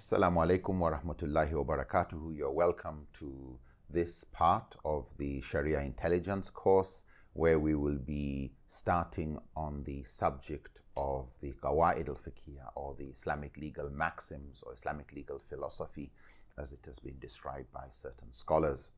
Assalamu alaikum wa rahmatullahi wa barakatuhu. You're welcome to this part of the Sharia Intelligence course where we will be starting on the subject of the Qawaid al-Fiqhiyah or the Islamic legal maxims or Islamic legal philosophy as it has been described by certain scholars.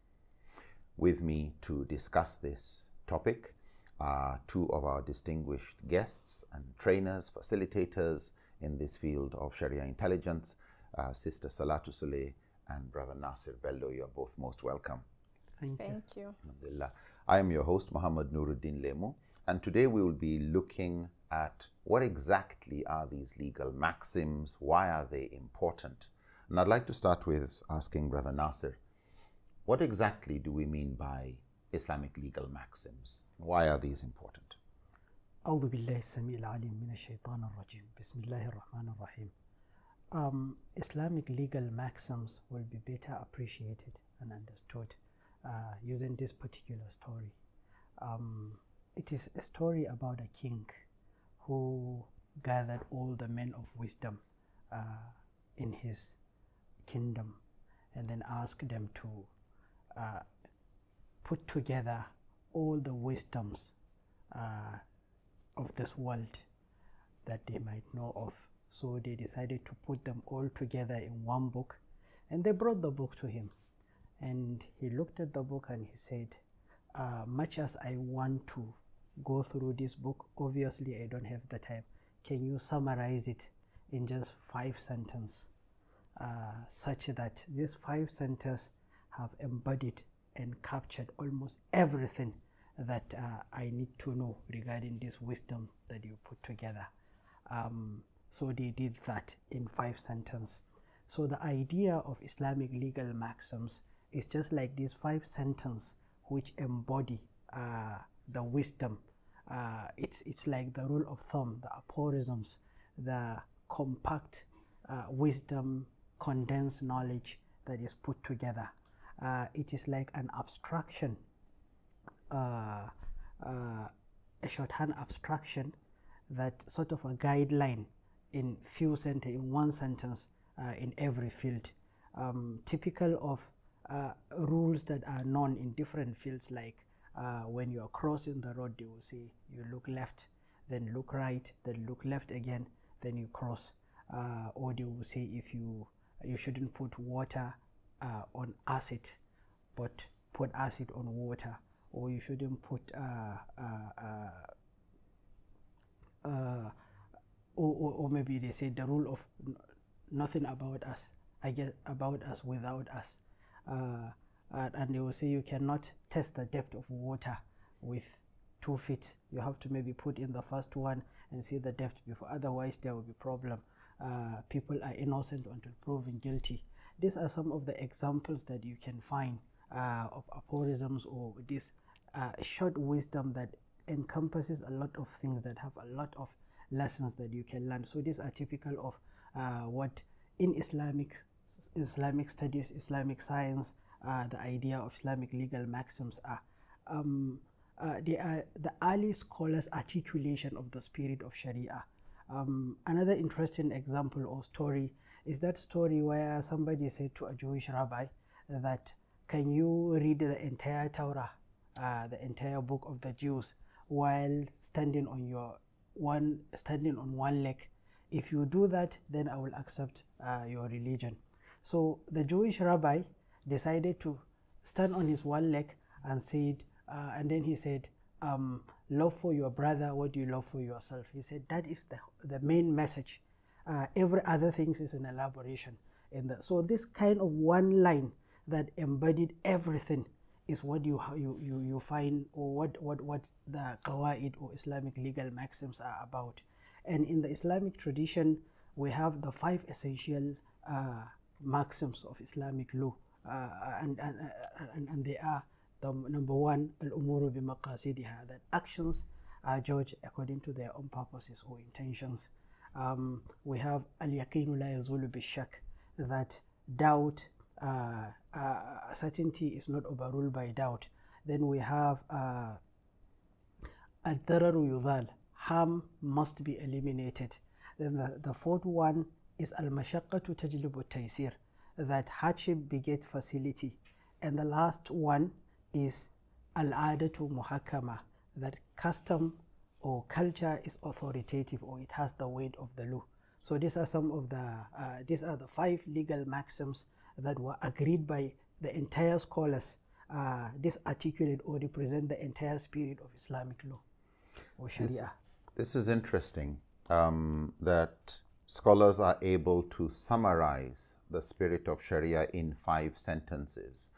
With me to discuss this topic are two of our distinguished guests and trainers, facilitators in this field of Sharia intelligence, uh, Sister Salatu Saleh and Brother Nasir Bello. You are both most welcome. Thank, Thank you. I am your host, Muhammad Nuruddin Lemo, and today we will be looking at what exactly are these legal maxims, why are they important? And I'd like to start with asking Brother Nasir, what exactly do we mean by Islamic legal maxims? Why are these important? أعوذ بالله السميع العليم من الشيطان الرجيم بسم الله الرحمن الرحيم um, Islamic legal maxims will be better appreciated and understood uh, using this particular story. Um, it is a story about a king who gathered all the men of wisdom uh, in his kingdom and then asked them to uh, put together all the wisdoms uh, of this world that they might know of so they decided to put them all together in one book and they brought the book to him. And he looked at the book and he said, uh, Much as I want to go through this book, obviously I don't have the time. Can you summarize it in just five sentences, uh, such that these five sentences have embodied and captured almost everything that uh, I need to know regarding this wisdom that you put together? Um, so they did that in five sentences. So the idea of Islamic legal maxims is just like these five sentences which embody uh, the wisdom. Uh, it's, it's like the rule of thumb, the aphorisms, the compact uh, wisdom, condensed knowledge that is put together. Uh, it is like an abstraction, uh, uh, a shorthand abstraction that sort of a guideline in few sentence, in one sentence uh, in every field, um, typical of uh, rules that are known in different fields like uh, when you are crossing the road you will see you look left then look right then look left again then you cross uh, or they will say if you you shouldn't put water uh, on acid but put acid on water or you shouldn't put uh, uh, uh, or, or, or maybe they say the rule of nothing about us, I guess about us without us. Uh, and they will say you cannot test the depth of water with two feet. You have to maybe put in the first one and see the depth before. Otherwise, there will be problem. Uh, people are innocent until proven guilty. These are some of the examples that you can find uh, of aphorisms or this uh, short wisdom that encompasses a lot of things that have a lot of lessons that you can learn. So these are typical of uh, what in Islamic Islamic studies, Islamic science, uh, the idea of Islamic legal maxims are. Um, uh, they are the early scholars' articulation of the spirit of Sharia. Um, another interesting example or story is that story where somebody said to a Jewish rabbi that, "Can you read the entire Torah, uh, the entire book of the Jews, while standing on your one standing on one leg. If you do that, then I will accept uh, your religion. So the Jewish rabbi decided to stand on his one leg and said, uh, and then he said, um, love for your brother what you love for yourself. He said that is the, the main message. Uh, every other things is an elaboration. In that. so this kind of one line that embodied everything is what you, you, you, you find or what, what, what the qawaid or Islamic legal maxims are about. And in the Islamic tradition, we have the five essential uh, maxims of Islamic law. Uh, and, and, uh, and, and they are the number one, al-umuru bi that actions are judged according to their own purposes or intentions. Um, we have al-yaqinu la yazulu that doubt uh, uh, certainty is not overruled by doubt. Then we have al-dararu uh, yudal. harm must be eliminated. Then the, the fourth one is al-mashaqqatu tajlibu taysir, that hardship begets facility. And the last one is al-adatu muhakkama, that custom or culture is authoritative or it has the weight of the law. So these are some of the, uh, these are the five legal maxims that were agreed by the entire scholars. Uh, this articulate or represent the entire spirit of Islamic law or Sharia. This, this is interesting um, that scholars are able to summarize the spirit of Sharia in five sentences.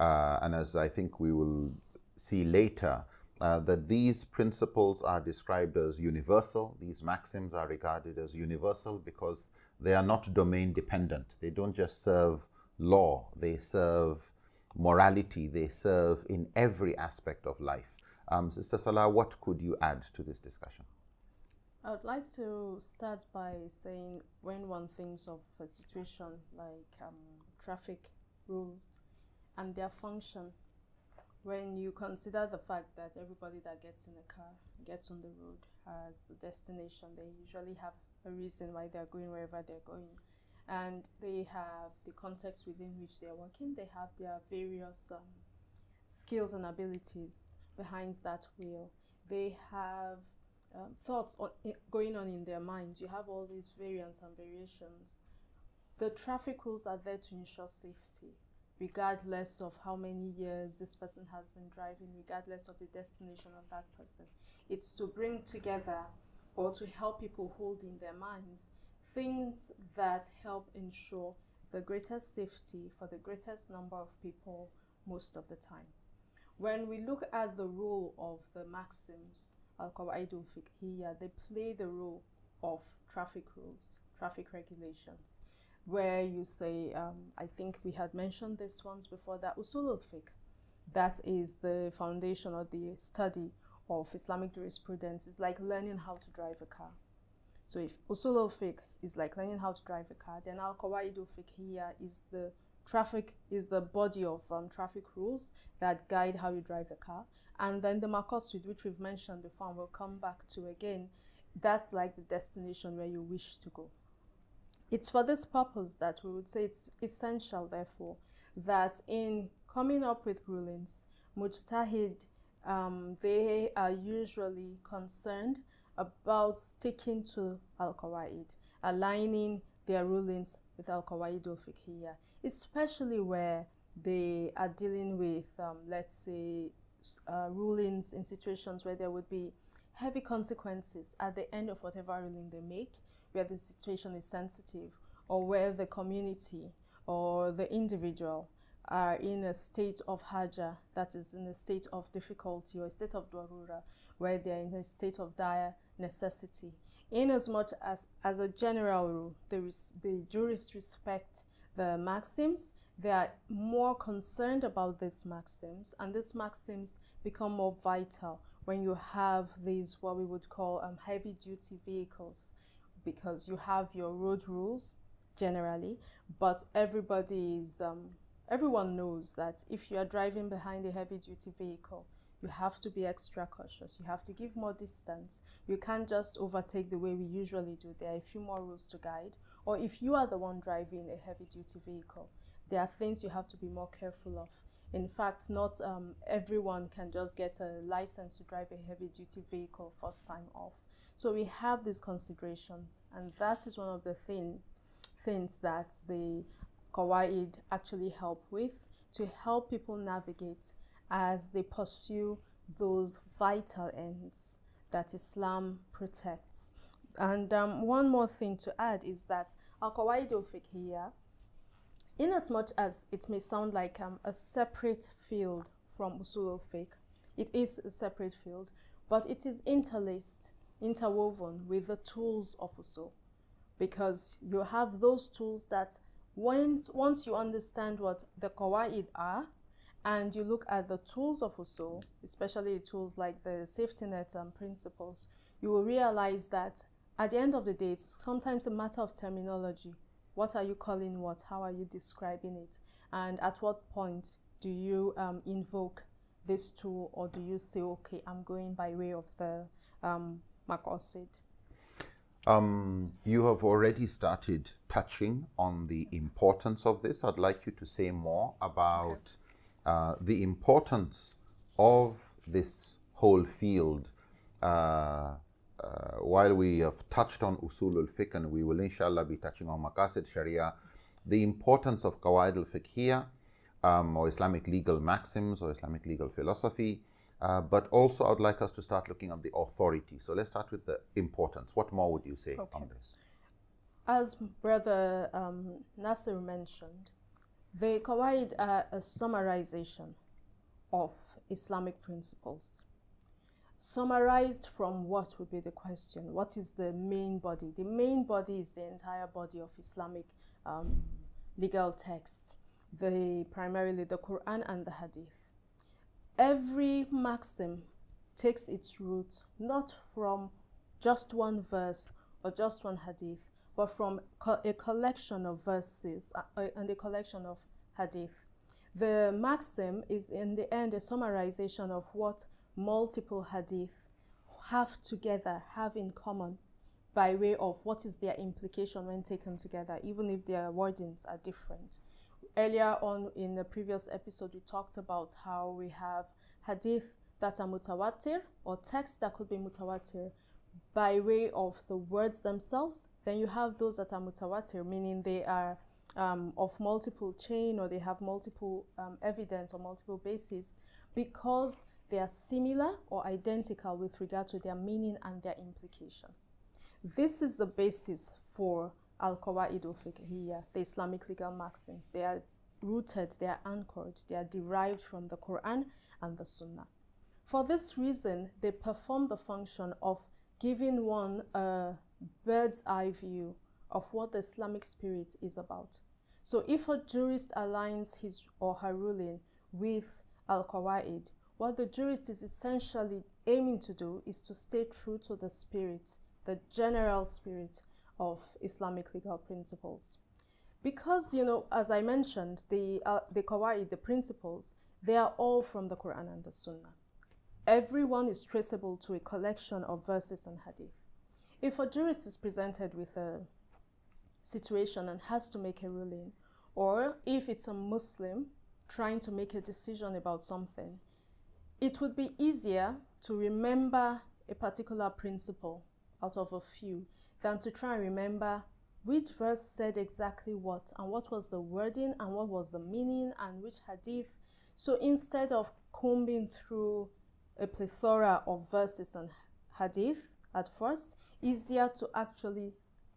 Uh, and as I think we will see later, uh, that these principles are described as universal. These maxims are regarded as universal because they are not domain dependent. They don't just serve law, they serve morality, they serve in every aspect of life. Um, Sister Salah, what could you add to this discussion? I would like to start by saying when one thinks of a situation like um, traffic rules and their function, when you consider the fact that everybody that gets in a car, gets on the road, has a destination, they usually have a reason why they're going wherever they're going and they have the context within which they're working. They have their various um, skills and abilities behind that wheel. They have um, thoughts on, going on in their minds. You have all these variants and variations. The traffic rules are there to ensure safety, regardless of how many years this person has been driving, regardless of the destination of that person. It's to bring together or to help people hold in their minds things that help ensure the greatest safety for the greatest number of people most of the time. When we look at the role of the maxims, al-qawaidul fiqhiyya, they play the role of traffic rules, traffic regulations, where you say, um, I think we had mentioned this once before, that usulul al-fiqh, is the foundation of the study of Islamic jurisprudence, is like learning how to drive a car so if Osolo fake is like learning how to drive a car, then Al Kawaido fake here is the traffic is the body of um, traffic rules that guide how you drive the car. And then the Makosid, which we've mentioned before and we'll come back to again, that's like the destination where you wish to go. It's for this purpose that we would say it's essential, therefore, that in coming up with rulings, Mujtahid, um, they are usually concerned about sticking to Al-Qawaid, aligning their rulings with Al-Qawaid al-Fiqhiyya, especially where they are dealing with, um, let's say, uh, rulings in situations where there would be heavy consequences at the end of whatever ruling they make, where the situation is sensitive, or where the community or the individual are in a state of haja, that is, in a state of difficulty or a state of dwarura, where they are in a state of dire necessity. Inasmuch as, as a general rule, the, res, the jurists respect the maxims, they are more concerned about these maxims, and these maxims become more vital when you have these what we would call um, heavy duty vehicles because you have your road rules generally, but everybody is um, Everyone knows that if you are driving behind a heavy duty vehicle, you have to be extra cautious. You have to give more distance. You can't just overtake the way we usually do. There are a few more rules to guide. Or if you are the one driving a heavy duty vehicle, there are things you have to be more careful of. In fact, not um, everyone can just get a license to drive a heavy duty vehicle first time off. So we have these considerations, and that is one of the thing, things that the Kawaid actually help with to help people navigate as they pursue those vital ends that Islam protects. And um, one more thing to add is that Al-Qawaid al-Fiqhiyya, in as much as it may sound like um, a separate field from Usul al-Fiqh, it is a separate field, but it is interlaced, interwoven with the tools of Usul because you have those tools that once, once you understand what the kawaid are, and you look at the tools of usul, especially tools like the safety net and principles, you will realize that at the end of the day, it's sometimes a matter of terminology. What are you calling what? How are you describing it? And at what point do you um, invoke this tool or do you say, okay, I'm going by way of the um, um, you have already started touching on the importance of this. I'd like you to say more about uh, the importance of this whole field. Uh, uh, while we have touched on usul al fiqh and we will inshallah be touching on maqasid sharia, the importance of qawaid al fiqh here, um, or Islamic legal maxims or Islamic legal philosophy, uh, but also, I would like us to start looking at the authority. So let's start with the importance. What more would you say okay. on this? As Brother um, Nasser mentioned, they provide a, a summarization of Islamic principles. Summarized from what would be the question? What is the main body? The main body is the entire body of Islamic um, legal texts, the primarily the Quran and the Hadith. Every maxim takes its root not from just one verse or just one hadith, but from co a collection of verses uh, and a collection of hadith. The maxim is in the end a summarization of what multiple hadith have together, have in common, by way of what is their implication when taken together, even if their wordings are different. Earlier on in the previous episode, we talked about how we have hadith that are mutawatir or texts that could be mutawatir by way of the words themselves. Then you have those that are mutawatir, meaning they are um, of multiple chain or they have multiple um, evidence or multiple bases because they are similar or identical with regard to their meaning and their implication. This is the basis for Al-Qawaid al the Islamic legal maxims. They are rooted, they are anchored, they are derived from the Quran and the Sunnah. For this reason, they perform the function of giving one a bird's eye view of what the Islamic spirit is about. So if a jurist aligns his or her ruling with Al-Qawaid, what the jurist is essentially aiming to do is to stay true to the spirit, the general spirit of Islamic legal principles. Because, you know, as I mentioned, the, uh, the kawaii, the principles, they are all from the Quran and the Sunnah. Everyone is traceable to a collection of verses and hadith. If a jurist is presented with a situation and has to make a ruling, or if it's a Muslim trying to make a decision about something, it would be easier to remember a particular principle out of a few than to try and remember which verse said exactly what and what was the wording and what was the meaning and which hadith. So instead of combing through a plethora of verses and hadith at first, easier to actually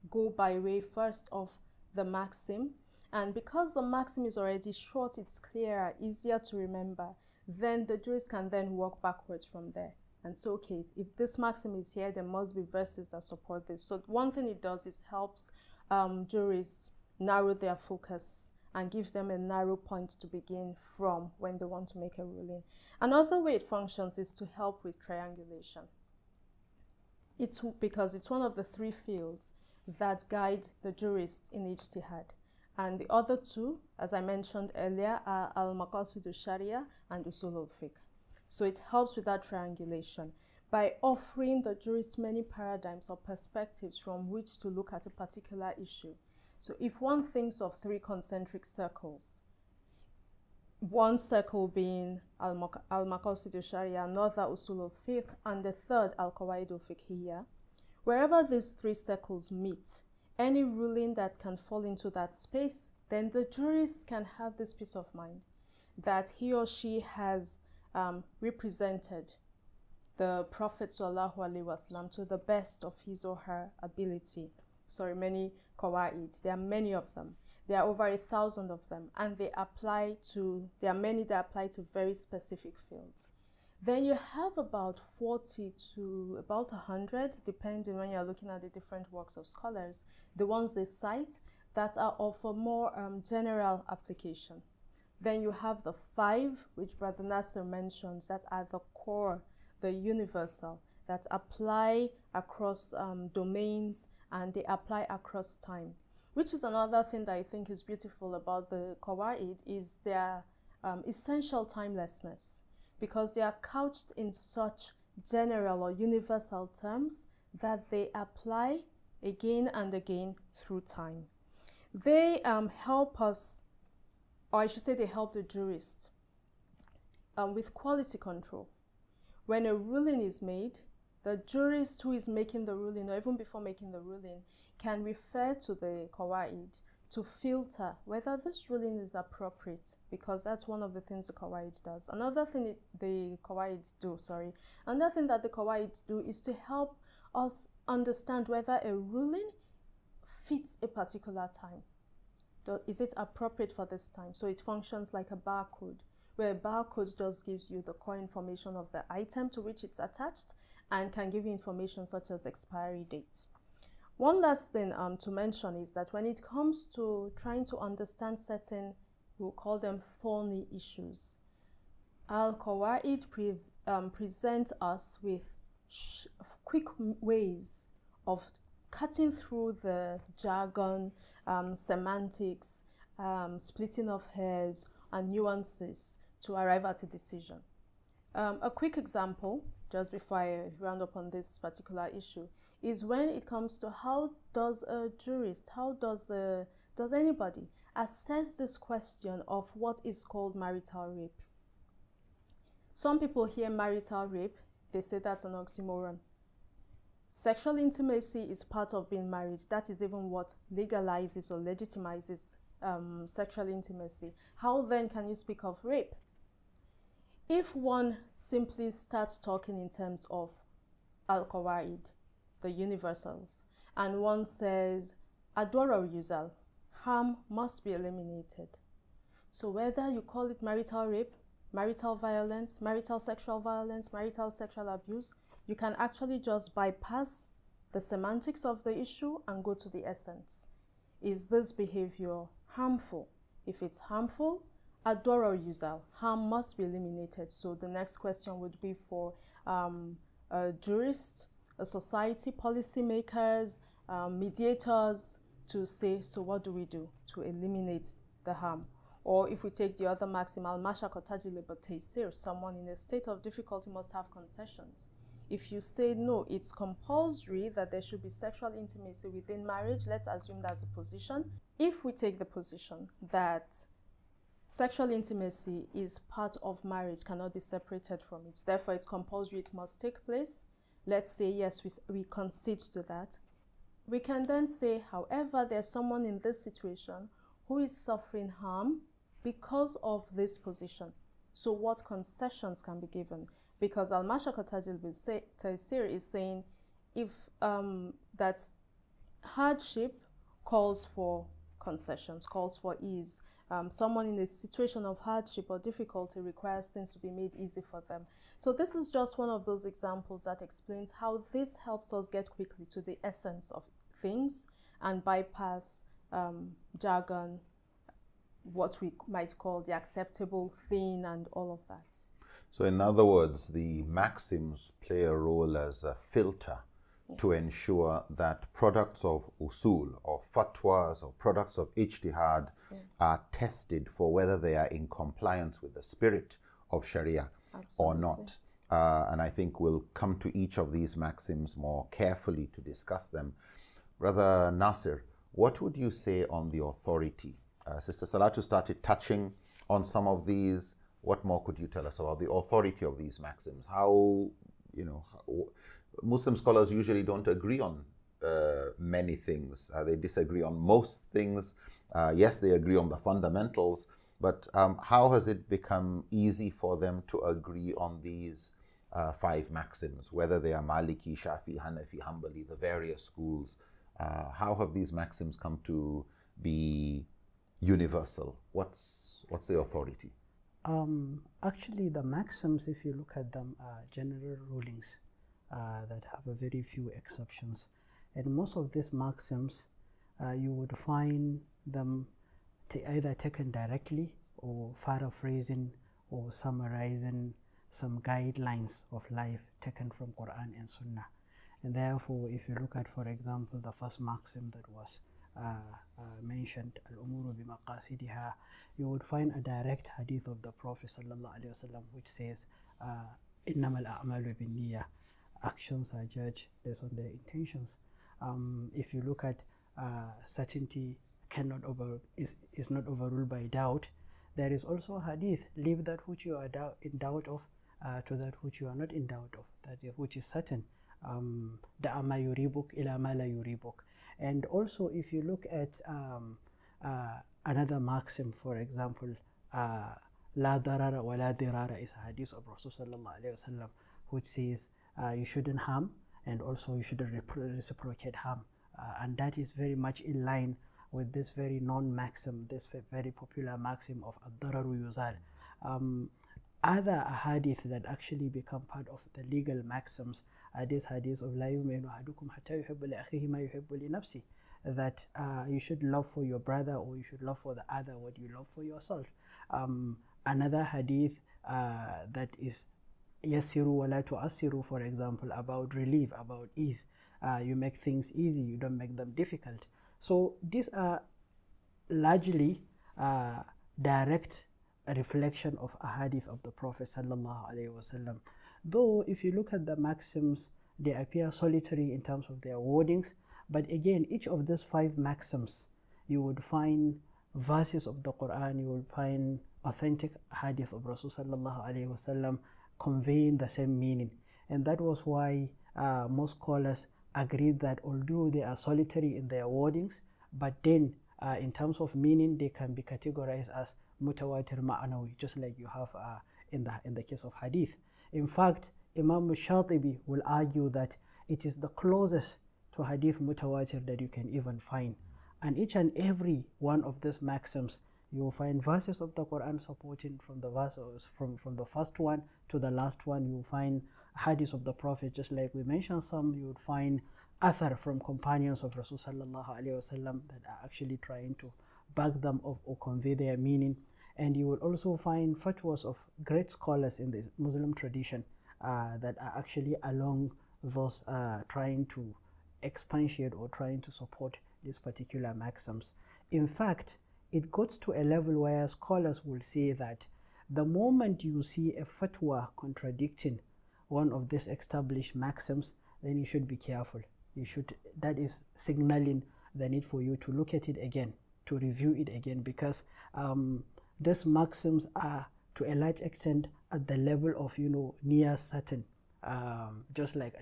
go by way first of the maxim. And because the maxim is already short, it's clearer, easier to remember, then the jurist can then work backwards from there and say, okay, if this maxim is here, there must be verses that support this. So one thing it does is helps um, jurists narrow their focus and give them a narrow point to begin from when they want to make a ruling. Another way it functions is to help with triangulation. It's because it's one of the three fields that guide the jurist in ijtihad. And the other two, as I mentioned earlier, are al-maqasid al-sharia and usul al-fiqh. So it helps with that triangulation. By offering the jurist many paradigms or perspectives from which to look at a particular issue. So if one thinks of three concentric circles, one circle being al al sharia another Usul al-Fiqh, and the third kawaid al al-Fiqhiyya. Wherever these three circles meet, any ruling that can fall into that space, then the jurist can have this peace of mind that he or she has um, represented the Prophet wasallam to the best of his or her ability. Sorry, many kawaid. There are many of them. There are over a thousand of them, and they apply to. There are many that apply to very specific fields. Then you have about 40 to about 100, depending when you're looking at the different works of scholars, the ones they cite that are of a more um, general application. Then you have the five, which Brother Nasser mentions, that are the core, the universal, that apply across um, domains and they apply across time. Which is another thing that I think is beautiful about the Qawaid is their um, essential timelessness because they are couched in such general or universal terms that they apply again and again through time. They um, help us or I should say they help the jurist um, with quality control. When a ruling is made, the jurist who is making the ruling, or even before making the ruling, can refer to the kawaid to filter whether this ruling is appropriate because that's one of the things the kawaid does. Another thing it, the kawaid do, sorry, another thing that the kawaid do is to help us understand whether a ruling fits a particular time is it appropriate for this time? So it functions like a barcode, where a barcode just gives you the core information of the item to which it's attached and can give you information such as expiry date. One last thing um, to mention is that when it comes to trying to understand certain, we'll call them thorny issues, Al-Qawaid pre um, present us with quick ways of cutting through the jargon, um, semantics, um, splitting of hairs, and nuances to arrive at a decision. Um, a quick example, just before I round up on this particular issue, is when it comes to how does a jurist, how does a, does anybody assess this question of what is called marital rape? Some people hear marital rape, they say that's an oxymoron. Sexual intimacy is part of being married. That is even what legalizes or legitimizes um, sexual intimacy. How then can you speak of rape? If one simply starts talking in terms of al qawaid the universals, and one says, Adwara Yuzal, harm must be eliminated. So whether you call it marital rape, marital violence, marital sexual violence, marital sexual abuse, you can actually just bypass the semantics of the issue and go to the essence. Is this behavior harmful? If it's harmful, adore or user, harm must be eliminated. So the next question would be for um, a jurist, a society, policymakers, um, mediators to say, so what do we do to eliminate the harm? Or if we take the other maxim, al someone in a state of difficulty must have concessions if you say no, it's compulsory that there should be sexual intimacy within marriage, let's assume that's a position. If we take the position that sexual intimacy is part of marriage, cannot be separated from it, therefore it's compulsory, it must take place, let's say yes, we, we concede to that. We can then say, however, there's someone in this situation who is suffering harm because of this position. So, what concessions can be given? because Al-Mashaq Tajil Taysir is saying if um, that hardship calls for concessions, calls for ease. Um, someone in a situation of hardship or difficulty requires things to be made easy for them. So this is just one of those examples that explains how this helps us get quickly to the essence of things and bypass um, jargon, what we might call the acceptable thing and all of that. So, in other words, the maxims play a role as a filter to ensure that products of usul or fatwas or products of ijtihad are tested for whether they are in compliance with the spirit of sharia Absolutely. or not. Uh, and I think we'll come to each of these maxims more carefully to discuss them. Brother Nasir, what would you say on the authority? Uh, Sister Salatu started touching on some of these. What more could you tell us about the authority of these maxims? How, you know, how, Muslim scholars usually don't agree on uh, many things. Uh, they disagree on most things. Uh, yes, they agree on the fundamentals, but um, how has it become easy for them to agree on these uh, five maxims, whether they are Maliki, Shafi, Hanafi, Hanbali, the various schools? Uh, how have these maxims come to be universal? What's, what's the authority? Um, actually, the maxims, if you look at them, are general rulings uh, that have a very few exceptions. And most of these maxims, uh, you would find them either taken directly or paraphrasing or summarizing some guidelines of life taken from Quran and Sunnah. And therefore, if you look at, for example, the first maxim that was uh, uh, mentioned al-umuru bimaqasidiha you would find a direct hadith of the prophet sallallahu alaihi wasallam which says uh, innamal a'malu nia." actions are judged based on their intentions um, if you look at certainty cannot over is, is not overruled by doubt there is also hadith leave that which you are doubt, in doubt of uh, to that which you are not in doubt of that which is certain um, and also, if you look at um, uh, another maxim, for example, uh, La darara wa la dirara is a hadith of Rasulullah which says uh, you shouldn't harm and also you shouldn't reciprocate harm. Uh, and that is very much in line with this very non maxim, this very popular maxim of ad yuzal. Um, other hadith that actually become part of the legal maxims this hadith of la yu'minu ahadukum hatta yuhibbu li akhihi ma yuhibbu li nafsi that uh, you should love for your brother or you should love for the other what you love for yourself. Um, another hadith uh, that is yasiru wala tu'asiru for example about relief about ease uh, you make things easy you don't make them difficult so these are largely uh, direct reflection of a hadith of the prophet sallallahu alaihi wasallam Though, if you look at the maxims, they appear solitary in terms of their wordings, but again, each of these five maxims, you would find verses of the Quran, you would find authentic hadith of Rasulullah conveying the same meaning. And that was why uh, most scholars agreed that although they are solitary in their wordings, but then uh, in terms of meaning, they can be categorized as mutawatir ma'anawi, just like you have uh, in, the, in the case of hadith. In fact, Imam Shatibi will argue that it is the closest to hadith mutawatir that you can even find. And each and every one of these maxims, you will find verses of the Quran supporting from the verses from, from the first one to the last one. You will find hadith of the Prophet, just like we mentioned some, you would find athar from companions of Rasulullah that are actually trying to back them up or convey their meaning. And you will also find fatwas of great scholars in the Muslim tradition uh, that are actually along those uh, trying to expatiate or trying to support these particular maxims. In fact, it gets to a level where scholars will say that the moment you see a fatwa contradicting one of these established maxims, then you should be careful. You should that is signaling the need for you to look at it again, to review it again, because um, these maxims are to a large extent at the level of you know near certain um, just like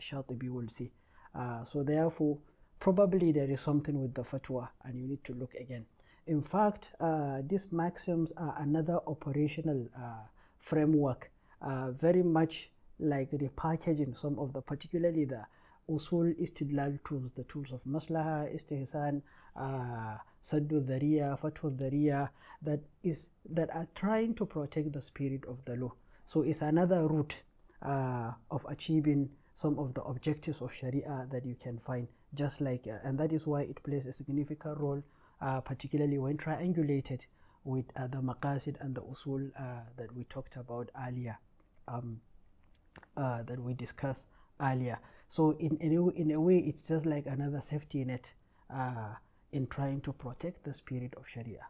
you will see uh, so therefore probably there is something with the fatwa and you need to look again in fact uh, these maxims are another operational uh, framework uh, very much like repackaging some of the particularly the usul istidlal tools the tools of maslaha istihsan uh, Saddu Dharia, Fatwa Dharia, that, is, that are trying to protect the spirit of the law. So it's another route uh, of achieving some of the objectives of Sharia that you can find, just like, uh, and that is why it plays a significant role, uh, particularly when triangulated with uh, the maqasid and the usul uh, that we talked about earlier, um, uh, that we discussed earlier. So in, in, a, in a way, it's just like another safety net in trying to protect the spirit of Sharia.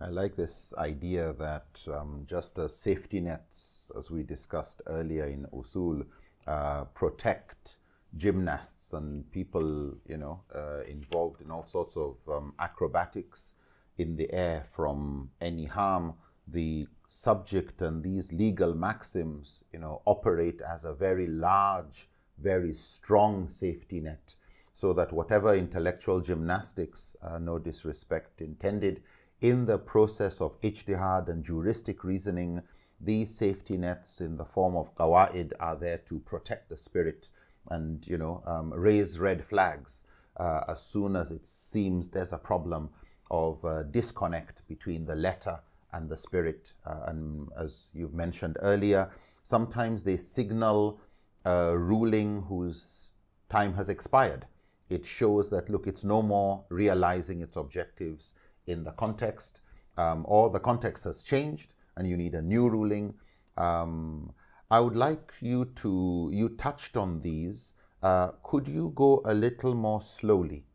I like this idea that um, just as safety nets, as we discussed earlier in Usul, uh, protect gymnasts and people, you know, uh, involved in all sorts of um, acrobatics in the air from any harm, the subject and these legal maxims, you know, operate as a very large, very strong safety net so that whatever intellectual gymnastics, uh, no disrespect intended, in the process of ijtihad and juristic reasoning, these safety nets in the form of qawaid are there to protect the spirit and you know um, raise red flags uh, as soon as it seems there's a problem of uh, disconnect between the letter and the spirit. Uh, and as you've mentioned earlier, sometimes they signal a ruling whose time has expired. It shows that, look, it's no more realizing its objectives in the context, um, or the context has changed and you need a new ruling. Um, I would like you to, you touched on these. Uh, could you go a little more slowly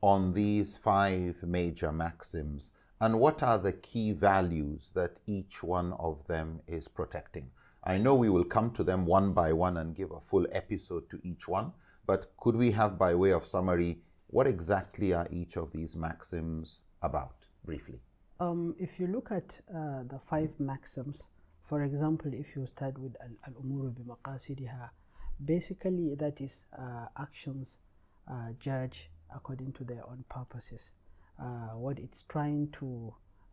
on these five major maxims and what are the key values that each one of them is protecting? I know we will come to them one by one and give a full episode to each one, but could we have, by way of summary, what exactly are each of these maxims about, briefly? Um, if you look at uh, the five maxims, for example, if you start with al umuru bi maqasidiha, basically that is uh, actions uh, judged according to their own purposes. Uh, what it's trying to,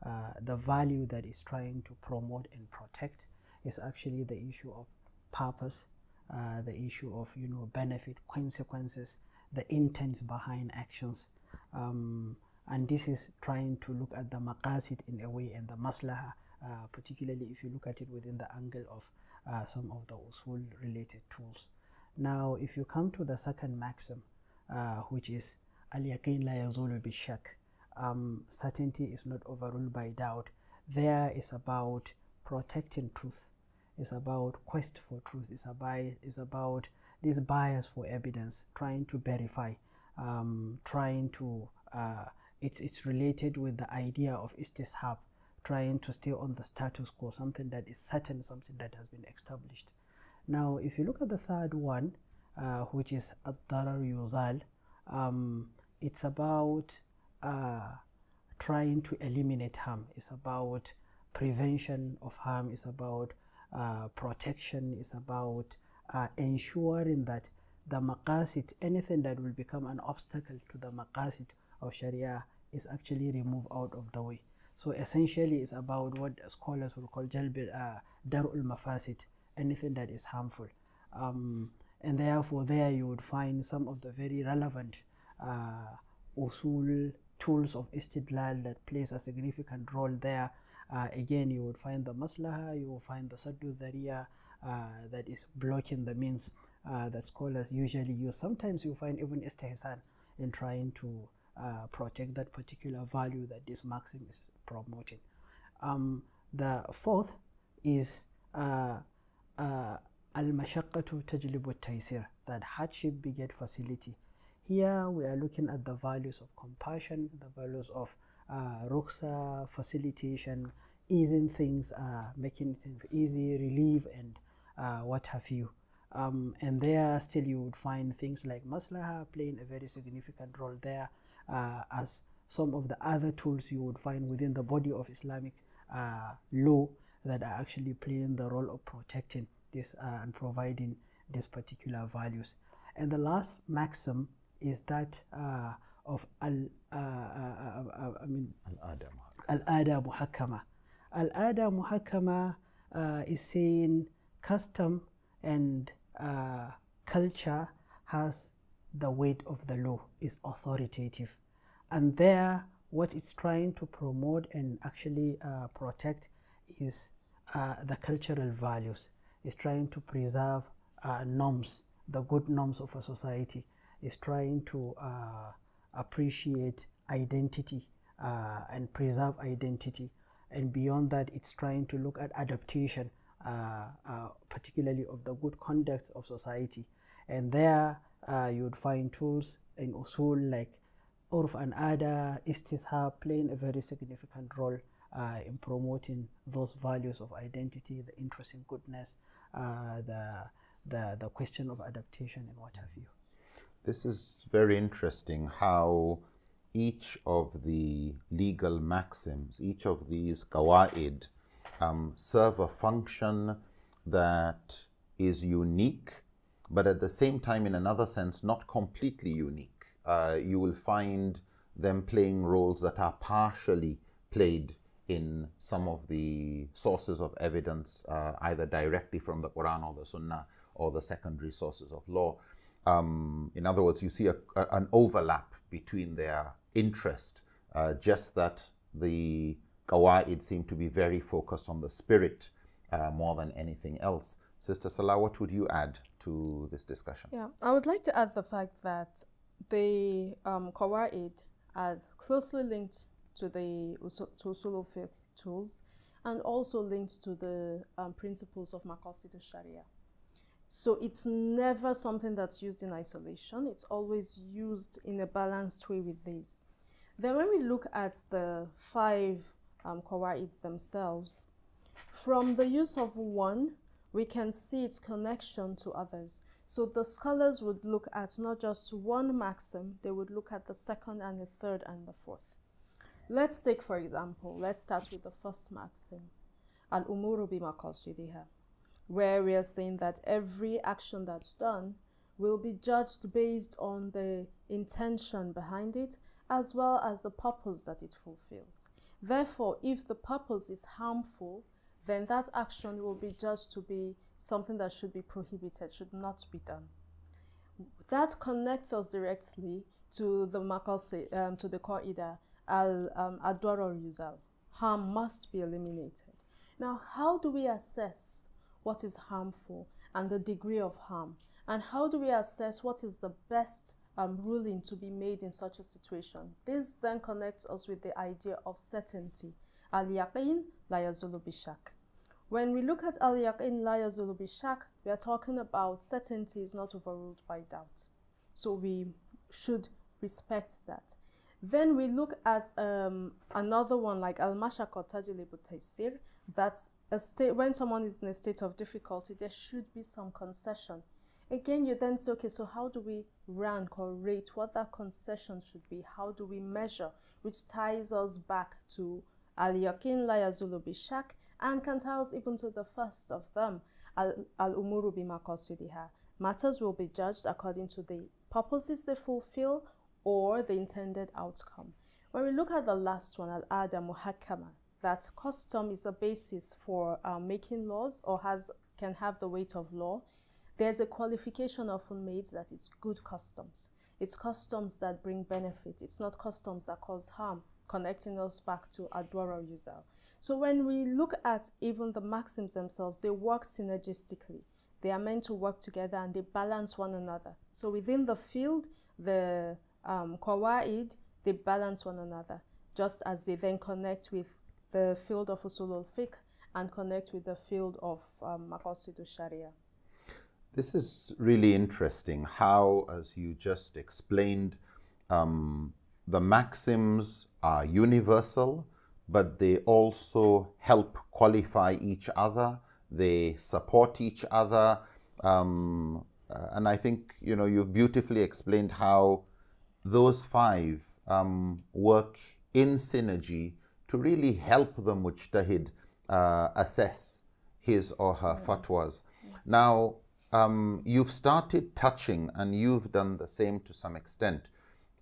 uh, the value that it's trying to promote and protect is actually the issue of purpose uh, the issue of you know benefit consequences, the intents behind actions, um, and this is trying to look at the maqasid in a way and the maslaha, uh, particularly if you look at it within the angle of uh, some of the usul related tools. Now, if you come to the second maxim, uh, which is al yaqin la yazulu bi shak, um, certainty is not overruled by doubt. There is about protecting truth it's about quest for truth. It's about, it's about this bias for evidence, trying to verify, um, trying to, uh, it's, it's related with the idea of istishab, trying to stay on the status quo, something that is certain, something that has been established. Now, if you look at the third one, uh, which is ad yuzal, um, it's about uh, trying to eliminate harm. It's about prevention of harm. It's about uh, protection is about uh, ensuring that the maqasid, anything that will become an obstacle to the maqasid of Sharia is actually removed out of the way. So essentially it's about what scholars will call jalb uh, darul mafasid, anything that is harmful. Um, and therefore there you would find some of the very relevant uh, usul tools of istidlal that plays a significant role there uh, again, you would find the maslaha, you will find the saddu dhariya uh, that is blocking the means uh, that scholars usually use. Sometimes you find even istihsan in trying to protect that particular value that this maxim is promoting. Um, the fourth is al mashaqqatu tajlibu taysir that hardship beget facility. Here we are looking at the values of compassion, the values of uh, facilitation, easing things, uh, making things easy, relief, and uh, what have you. Um, and there, still, you would find things like Maslaha playing a very significant role there, uh, as some of the other tools you would find within the body of Islamic uh, law that are actually playing the role of protecting this uh, and providing these particular values. And the last maxim is that uh, of al, uh, uh, uh, I mean, al-ada muhakkama. Al-ada muhakkama uh, is saying custom and uh, culture has the weight of the law, is authoritative. And there, what it's trying to promote and actually protect is the cultural values. It's trying to preserve norms, the good norms of a society is trying to uh, appreciate identity uh, and preserve identity. And beyond that, it's trying to look at adaptation, uh, uh, particularly of the good conduct of society. And there uh, you would find tools in usul like urf and ada, istishab, playing a very significant role uh, in promoting those values of identity, the interest in goodness, uh, the, the, the question of adaptation and what have you. This is very interesting how each of the legal maxims, each of these qawaid, um, serve a function that is unique, but at the same time, in another sense, not completely unique. Uh, you will find them playing roles that are partially played in some of the sources of evidence, uh, either directly from the Quran or the Sunnah or the secondary sources of law. Um, in other words, you see a, a, an overlap between their interest, uh, just that the kawaid seem to be very focused on the spirit uh, more than anything else. Sister Salah, what would you add to this discussion? Yeah, I would like to add the fact that the um, Qawaid are closely linked to the to usul tools and also linked to the um, principles of Maqasid sharia so it's never something that's used in isolation. It's always used in a balanced way with this. Then when we look at the five um, Qawa'id themselves, from the use of one, we can see its connection to others. So the scholars would look at not just one maxim, they would look at the second and the third and the fourth. Let's take, for example, let's start with the first maxim, al-umuru bima where we are saying that every action that's done will be judged based on the intention behind it as well as the purpose that it fulfills. Therefore, if the purpose is harmful, then that action will be judged to be something that should be prohibited, should not be done. That connects us directly to the Marcos, um, to the Qaeda al um, Yuzal. Harm must be eliminated. Now, how do we assess what is harmful, and the degree of harm. And how do we assess what is the best um, ruling to be made in such a situation? This then connects us with the idea of certainty. Al When we look at al yaqin la we are talking about certainty is not overruled by doubt. So we should respect that. Then we look at um, another one like al mashakot tajlibu taysir, that a state when someone is in a state of difficulty, there should be some concession. Again, you then say, okay, so how do we rank or rate what that concession should be? How do we measure? Which ties us back to Al-Yakin La Yazulu Bishak and can tie us even to the first of them, Al-Umuru Bimakosudiha. Matters will be judged according to the purposes they fulfill or the intended outcome. When we look at the last one, al adamu Muhakkama, that custom is a basis for uh, making laws or has can have the weight of law. There's a qualification often made that it's good customs. It's customs that bring benefit. It's not customs that cause harm, connecting us back to Adbora Yuzal. So when we look at even the maxims themselves, they work synergistically. They are meant to work together and they balance one another. So within the field, the um, they balance one another, just as they then connect with the field of usul al-fiqh and connect with the field of um, sharia This is really interesting how, as you just explained, um, the maxims are universal, but they also help qualify each other. They support each other. Um, uh, and I think, you know, you've beautifully explained how those five um, work in synergy to really help the mujtahid uh, assess his or her fatwas. Now, um, you've started touching, and you've done the same to some extent,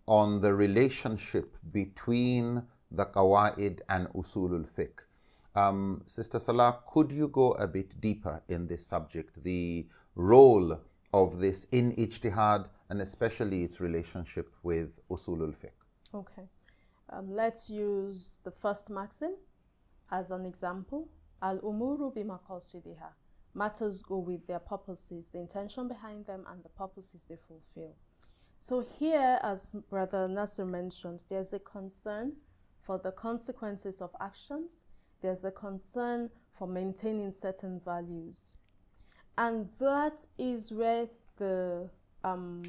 on the relationship between the qawaid and usulul fiqh. Um, Sister Salah, could you go a bit deeper in this subject, the role of this in ijtihad and especially its relationship with usulul fiqh? Okay. Um, let's use the first maxim as an example. Al-umuru bima qasidiha. Matters go with their purposes, the intention behind them and the purposes they fulfill. So here, as Brother Nasser mentioned, there's a concern for the consequences of actions. There's a concern for maintaining certain values. And that is where the um,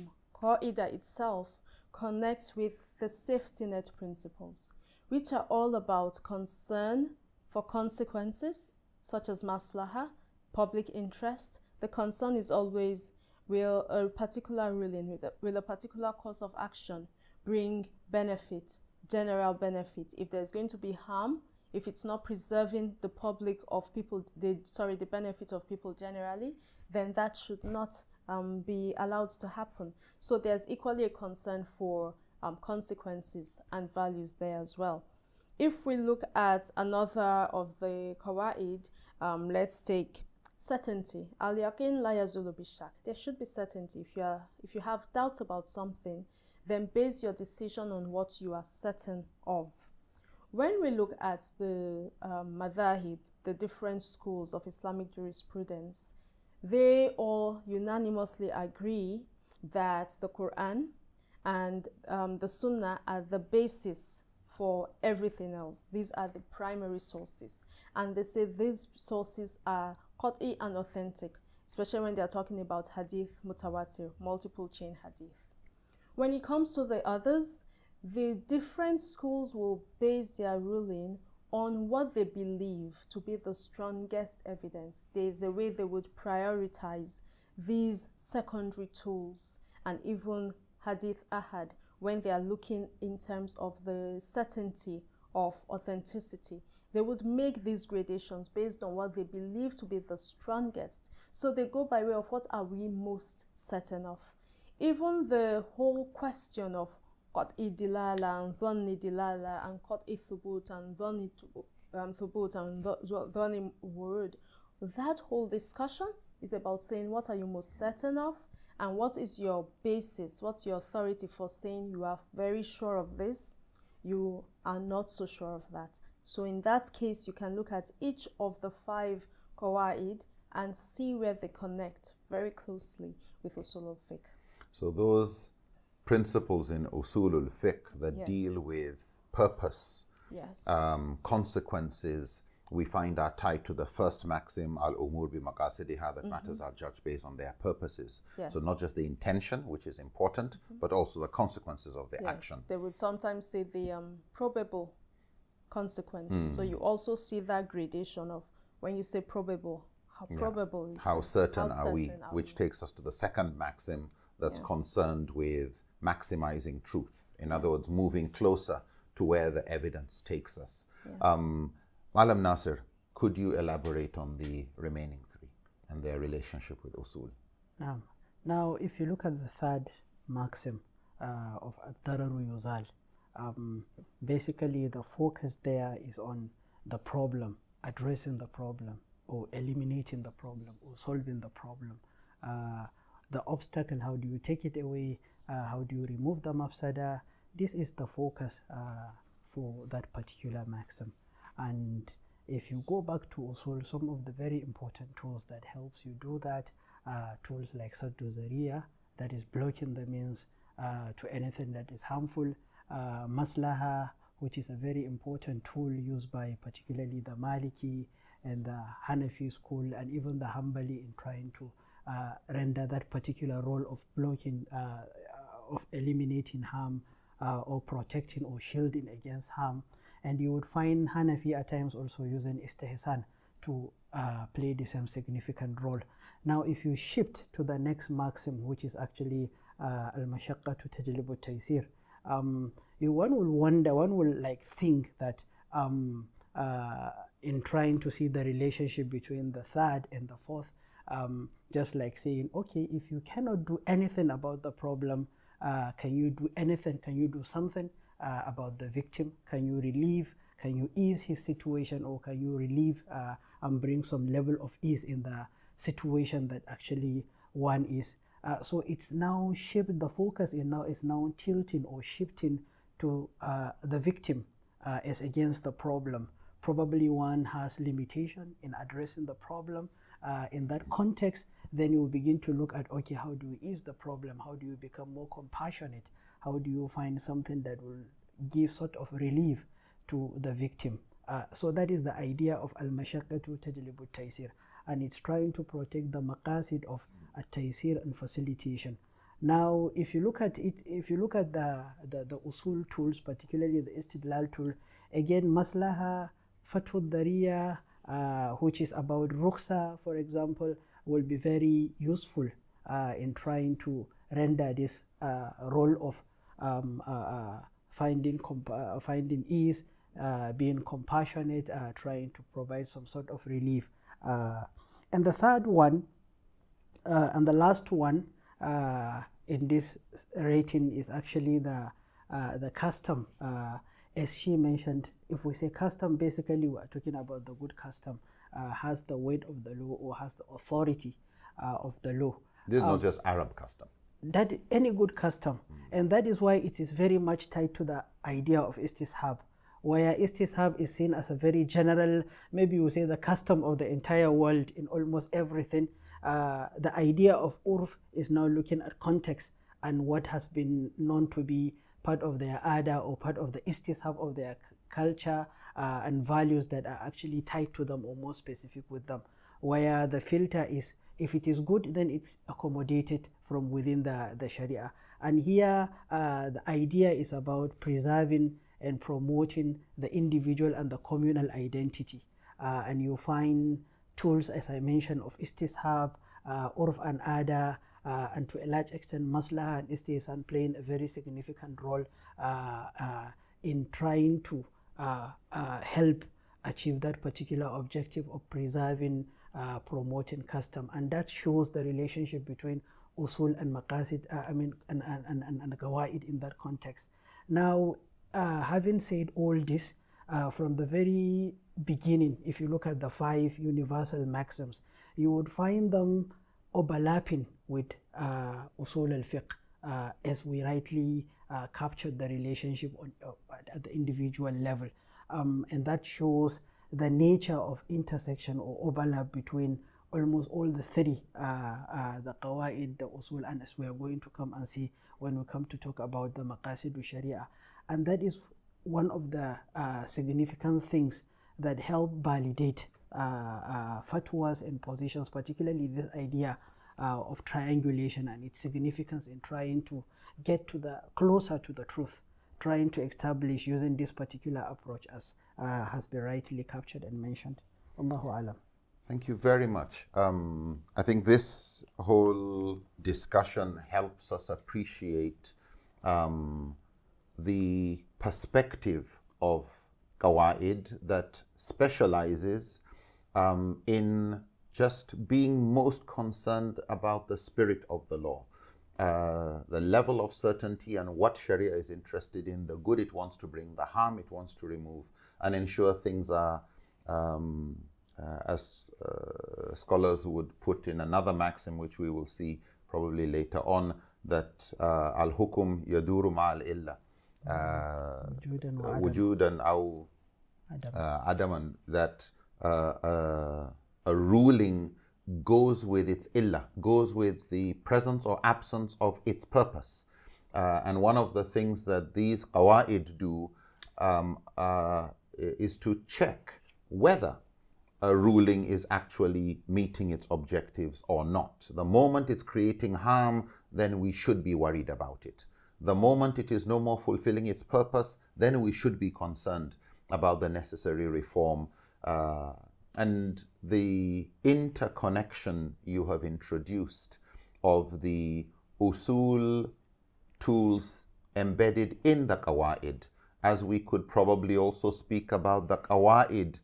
itself connects with the safety net principles, which are all about concern for consequences, such as maslaha, public interest. The concern is always will a particular ruling, will a particular course of action bring benefit, general benefit? If there's going to be harm, if it's not preserving the public of people, the, sorry, the benefit of people generally, then that should not um, be allowed to happen. So there's equally a concern for um, consequences and values there as well. If we look at another of the Qawaid, um, let's take certainty. There should be certainty. If you, are, if you have doubts about something, then base your decision on what you are certain of. When we look at the um, madhahib, the different schools of Islamic jurisprudence, they all unanimously agree that the Quran and um, the Sunnah are the basis for everything else. These are the primary sources. And they say these sources are qat'i and authentic, especially when they are talking about hadith mutawatir, multiple chain hadith. When it comes to the others, the different schools will base their ruling on what they believe to be the strongest evidence. There is a way they would prioritize these secondary tools and even hadith ahad when they are looking in terms of the certainty of authenticity. They would make these gradations based on what they believe to be the strongest. So they go by way of what are we most certain of. Even the whole question of Qat idilala and Dhani dilala and Qat ithubut and Dhani thubut and Dhani um, word, that whole discussion is about saying what are you most certain of and what is your basis what's your authority for saying you are very sure of this you are not so sure of that so in that case you can look at each of the five qawaid and see where they connect very closely with usul al-fiqh so those principles in usul al-fiqh that yes. deal with purpose yes. um, consequences we find are tied to the first maxim, al umur bi makasidiha that mm-hmm. matters are judged based on their purposes. Yes. So, not just the intention, which is important, mm-hmm. but also the consequences of the yes. action. They would sometimes say the um, probable consequence. Mm. So, you also see that gradation of when you say probable, how probable yeah. is How certain, how certain are we? which takes us to the second maxim that's yeah. concerned with maximizing truth. In yes. other words, moving closer to where the evidence takes us. Um, Alam Nasser, could you elaborate on the remaining three and their relationship with usul? Now, now if you look at the third maxim uh, of Ad-Dararu Yuzal, um, basically the focus there is on the problem, addressing the problem, or eliminating the problem, or solving the problem. Uh, the obstacle, how do you take it away? Uh, how do you remove the mafsada? This is the focus uh, for that particular maxim. And if you go back to Usul, some of the very important tools that helps you do that are tools like Sadduzaria, that is blocking the means uh, to anything that is harmful, uh, Maslaha, which is a very important tool used by particularly the Maliki and the Hanafi school and even the Hanbali in trying to uh, render that particular role of blocking, uh, of eliminating harm uh, or protecting or shielding against harm and you would find Hanafi at times also using istihsan to uh, play the same significant role. Now, if you shift to the next maxim, which is actually uh, al-mashaqqa to tajlibu taysir, um, one will wonder, one will like think that um, uh, in trying to see the relationship between the third and the fourth, um, just like saying, okay, if you cannot do anything about the problem, uh, can you do anything? Can you do something? uh, about the victim? Can you relieve? Can you ease his situation, or can you relieve uh, and bring some level of ease in the situation that actually one is? Uh, so it's now shaped The focus is now is now tilting or shifting to uh, the victim as uh, against the problem. Probably one has limitation in addressing the problem. Uh, in that context, then you begin to look at okay, how do you ease the problem? How do you become more compassionate? how do you find something that will give sort of relief to the victim uh, so that is the idea of al-mashaqqatu tajlibu taysir and it's trying to protect the maqasid of at-taysir and facilitation now if you look at it if you look at the the, the usul tools particularly the istidlal tool again maslaha fatwa dariya uh, which is about ruksa for example will be very useful uh, in trying to render this uh, role of um, uh, uh, finding uh, finding ease, being compassionate, trying to provide some sort of relief. and the third one, and the last one in this rating is actually the the custom as she mentioned, if we say custom, basically we are talking about the good custom uh, has the weight of the law or has the authority uh, of the law. This is um, not just Arab custom that any good custom. Mm. And that is why it is very much tied to the idea of Estes Hub, where Estes Hub is seen as a very general, maybe you say the custom of the entire world in almost everything. Uh, the idea of Urf is now looking at context and what has been known to be part of their ada or part of the Estes Hub of their culture uh, and values that are actually tied to them or more specific with them, where the filter is if it is good, then it's accommodated from within the, the Sharia. And here, uh, the idea is about preserving and promoting the individual and the communal identity. Uh, and you find tools, as I mentioned, of istishab, uh, urf and ada, uh, and to a large extent, masla and istihsan playing a very significant role uh, uh, in trying to uh, help achieve that particular objective of preserving uh, promoting custom. And that shows the relationship between usul and maqasid, uh, I mean, and, and, and, and gawaid in that context. Now, uh, having said all this, uh, from the very beginning, if you look at the five universal maxims, you would find them overlapping with uh, usul al-fiqh uh, as we rightly captured the relationship on, at the individual level. Um, and that shows the nature of intersection or overlap between almost all the three, uh, uh, the qawaid, the usul, and as we are going to come and see when we come to talk about the maqasid sharia. And that is one of the uh, significant things that help validate uh, uh, fatwas and positions, particularly this idea uh, of triangulation and its significance in trying to get to the closer to the truth, trying to establish using this particular approach as uh, has been rightly captured and mentioned. Allahu alam. Thank you very much. Um, I think this whole discussion helps us appreciate um, the perspective of Qawaid that specializes um, in just being most concerned about the spirit of the law, uh, the level of certainty and what Sharia is interested in, the good it wants to bring, the harm it wants to remove and ensure things are, um, uh, as uh, scholars would put in another maxim, which we will see probably later on, that uh, al hukum yaduru ma'al illa. Uh, wujudan aw uh, adaman. That a ruling goes with its illa, goes with the presence or absence of its purpose. Uh, and one of the things that these qawa'id do um, uh, is to check whether a ruling is actually meeting its objectives or not. The moment it's creating harm, then we should be worried about it. The moment it is no more fulfilling its purpose, then we should be concerned about the necessary reform. Uh, and the interconnection you have introduced of the usul tools embedded in the qawaid as we could probably also speak about the qawaid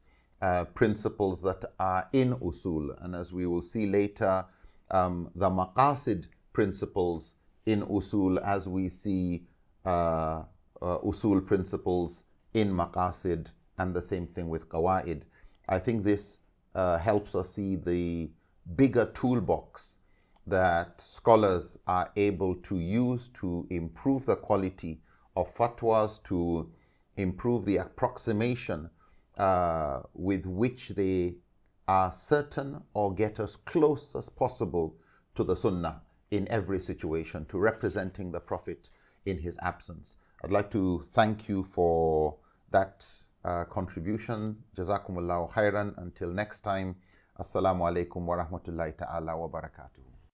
uh, principles that are in usul. And as we will see later, um, the maqasid principles in usul as we see uh, uh usul principles in maqasid and the same thing with qawaid. I think this uh, helps us see the bigger toolbox that scholars are able to use to improve the quality of fatwas to improve the approximation uh, with which they are certain or get as close as possible to the sunnah in every situation, to representing the Prophet in his absence. I'd like to thank you for that uh, contribution. Jazakumullahu khairan. Until next time, Assalamu alaikum wa rahmatullahi ta'ala wa barakatuh.